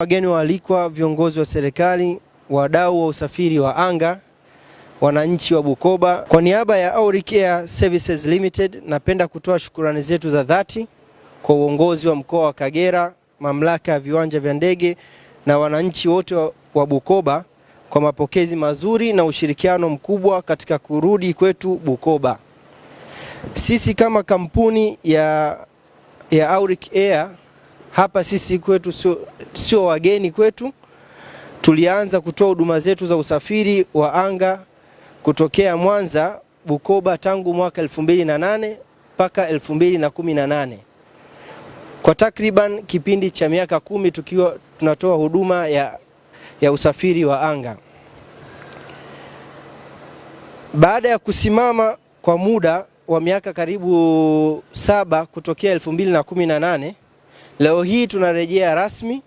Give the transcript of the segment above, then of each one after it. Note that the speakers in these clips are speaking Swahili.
Wageni waalikwa, viongozi wa serikali, wadau wa usafiri wa anga, wananchi wa Bukoba, kwa niaba ya Auric Air Services Limited napenda kutoa shukurani zetu za dhati kwa uongozi wa mkoa wa Kagera, mamlaka ya viwanja vya ndege na wananchi wote wa Bukoba kwa mapokezi mazuri na ushirikiano mkubwa katika kurudi kwetu Bukoba. Sisi kama kampuni ya, ya Auric Air hapa sisi kwetu sio, sio wageni kwetu. Tulianza kutoa huduma zetu za usafiri wa anga kutokea Mwanza Bukoba tangu mwaka 2008 mpaka 2018 kwa takriban kipindi cha miaka kumi tukiwa tunatoa huduma ya, ya usafiri wa anga. Baada ya kusimama kwa muda wa miaka karibu saba kutokea 2018 Leo hii tunarejea rasmi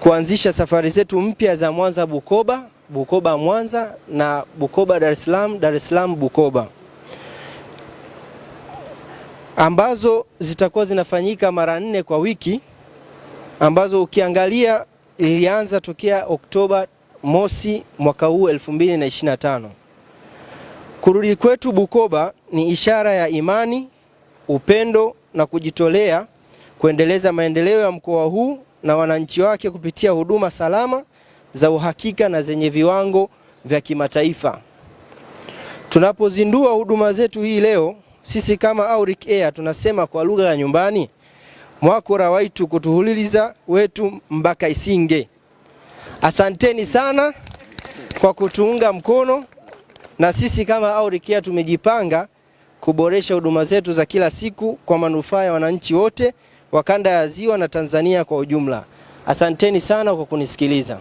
kuanzisha safari zetu mpya za Mwanza Bukoba, Bukoba Mwanza na Bukoba Dar es Salaam, Dar es Salaam Bukoba ambazo zitakuwa zinafanyika mara nne kwa wiki ambazo ukiangalia ilianza tokea Oktoba mosi mwaka huu 2025. Kurudi kwetu Bukoba ni ishara ya imani, upendo na kujitolea kuendeleza maendeleo ya mkoa huu na wananchi wake kupitia huduma salama za uhakika na zenye viwango vya kimataifa. Tunapozindua huduma zetu hii leo, sisi kama Auric Air tunasema kwa lugha ya nyumbani, mwakora waitu kutuhuliliza wetu mpaka isinge. Asanteni sana kwa kutuunga mkono, na sisi kama Auric Air tumejipanga kuboresha huduma zetu za kila siku kwa manufaa ya wananchi wote wa kanda ya Ziwa na Tanzania kwa ujumla. Asanteni sana kwa kunisikiliza.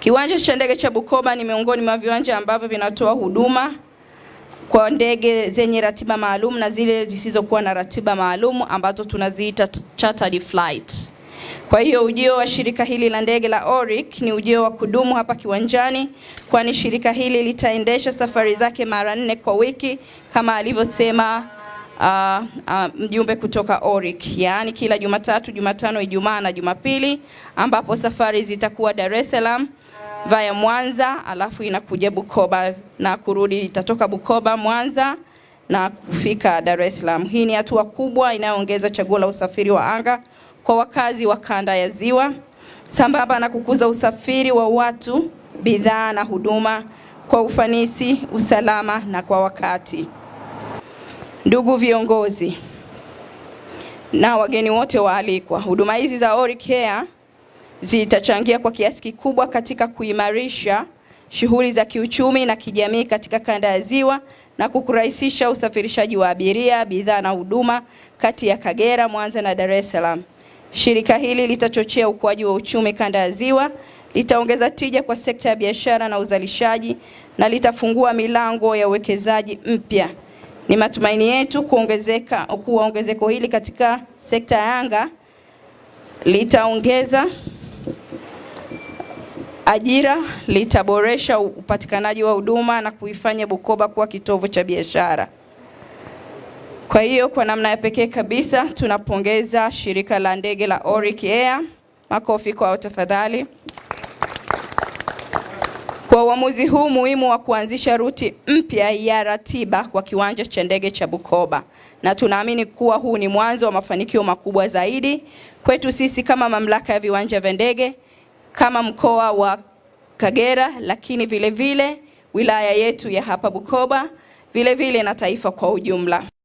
Kiwanja cha ndege cha Bukoba ni miongoni mwa viwanja ambavyo vinatoa huduma kwa ndege zenye ratiba maalum na zile zisizokuwa na ratiba maalum ambazo tunaziita chartered flight. Kwa hiyo ujio wa shirika hili la ndege la Oric ni ujio wa kudumu hapa kiwanjani, kwani shirika hili litaendesha safari zake mara nne kwa wiki kama alivyosema uh, uh, mjumbe kutoka ORIC, yaani kila Jumatatu, Jumatano, Ijumaa na Jumapili, ambapo safari zitakuwa Dar es Salaam via Mwanza alafu inakuja Bukoba na kurudi, itatoka Bukoba Mwanza na kufika Dar es Salaam. Hii ni hatua kubwa inayoongeza chaguo la usafiri wa anga kwa wakazi wa kanda ya Ziwa sambamba na kukuza usafiri wa watu, bidhaa na huduma kwa ufanisi, usalama na kwa wakati. Ndugu viongozi na wageni wote waalikwa, huduma hizi za Ori Care zitachangia kwa kiasi kikubwa katika kuimarisha shughuli za kiuchumi na kijamii katika kanda ya Ziwa na kukurahisisha usafirishaji wa abiria, bidhaa na huduma kati ya Kagera, Mwanza na Dar es Salaam. Shirika hili litachochea ukuaji wa uchumi kanda ya Ziwa, litaongeza tija kwa sekta ya biashara na uzalishaji na litafungua milango ya uwekezaji mpya. Ni matumaini yetu kuongezeka kuwa ongezeko hili katika sekta ya anga litaongeza ajira, litaboresha upatikanaji wa huduma na kuifanya Bukoba kuwa kitovu cha biashara. Kwa hiyo kwa namna ya pekee kabisa tunapongeza shirika la ndege la Oric Air. Makofi kwao tafadhali uamuzi huu muhimu wa kuanzisha ruti mpya ya ratiba kwa kiwanja cha ndege cha Bukoba, na tunaamini kuwa huu ni mwanzo wa mafanikio makubwa zaidi kwetu sisi kama mamlaka ya viwanja vya ndege kama mkoa wa Kagera, lakini vile vile wilaya yetu ya hapa Bukoba, vile vile na taifa kwa ujumla.